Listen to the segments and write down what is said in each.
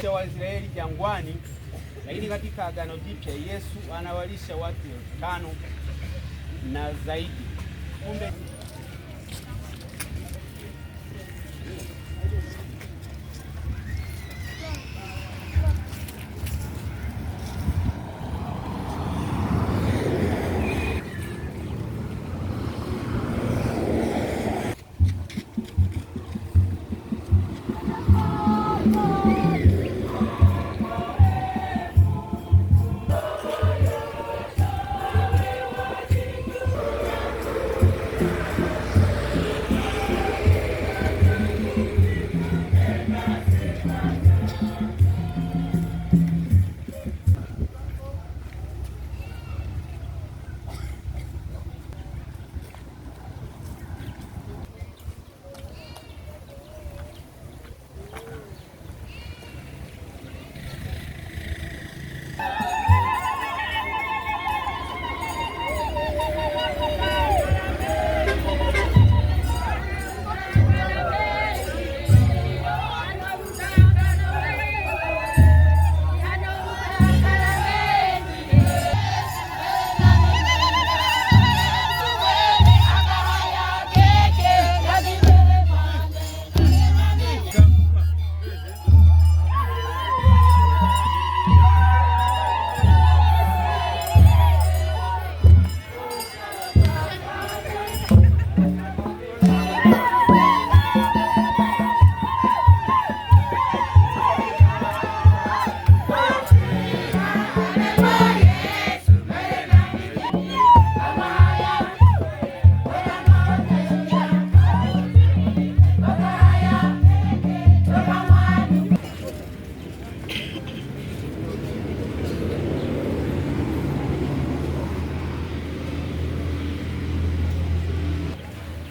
kuwalisha Waisraeli jangwani, lakini katika Agano Jipya Yesu anawalisha watu elfu tano na zaidi. Kumbe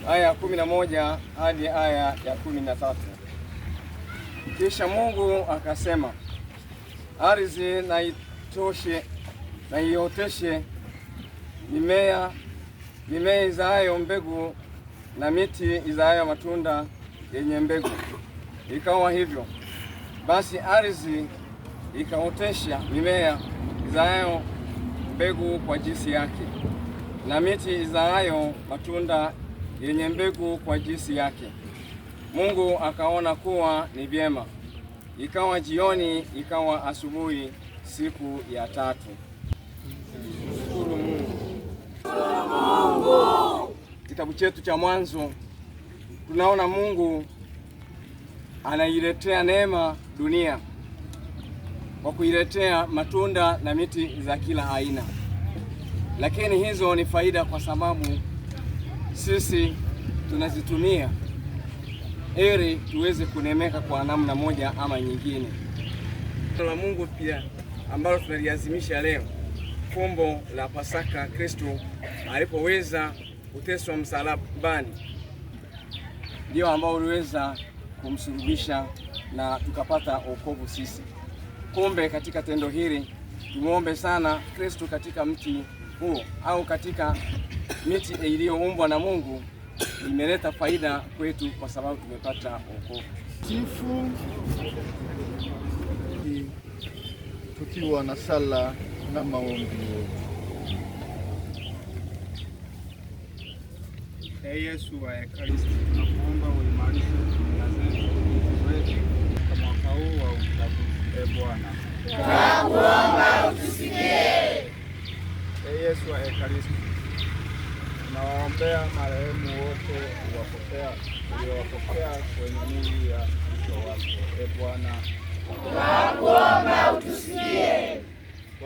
aya ya kumi na moja hadi aya ya kumi na tatu. Kisha Mungu akasema, ardhi na itoshe na ioteshe mimea mimea izaayo mbegu na miti izaayo matunda yenye mbegu. Ikawa hivyo basi, ardhi ikaotesha mimea izaayo mbegu kwa jinsi yake na miti izaayo matunda yenye mbegu kwa jinsi yake. Mungu akaona kuwa ni vyema. Ikawa jioni, ikawa asubuhi, siku ya tatu. Shukuru Mungu. Mungu. Kitabu chetu cha Mwanzo tunaona Mungu anailetea neema dunia kwa kuiletea matunda na miti za kila aina, lakini hizo ni faida kwa sababu sisi tunazitumia ili tuweze kunemeka kwa namna moja ama nyingine. La Mungu pia ambalo tunaliazimisha leo, fumbo la Pasaka, Kristo alipoweza kuteswa msalabani, ndio ambao uliweza kumsulubisha na tukapata wokovu sisi. Kumbe katika tendo hili tumwombe sana Kristo katika mti huo au katika miti eh, iliyoumbwa na Mungu imeleta faida kwetu kwa sababu tumepata wokovu. Chifu, eh, tukiwa na sala na maombi. Ee Yesu wa Ekaristi, tunakuomba uimarishe jumuiya zetu wetu katika mwaka huu wa uchaguzi. Ee Bwana, tunakuomba utusikie. Ee Yesu wa Ekaristi Nawaombea marehemu wote uwapokea uliowapokea kwenye nuru ya uso wako. E Bwana, tunakuomba utusikie,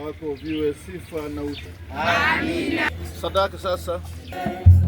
wako viwe sifa na utukufu. Amina. Sadaka sasa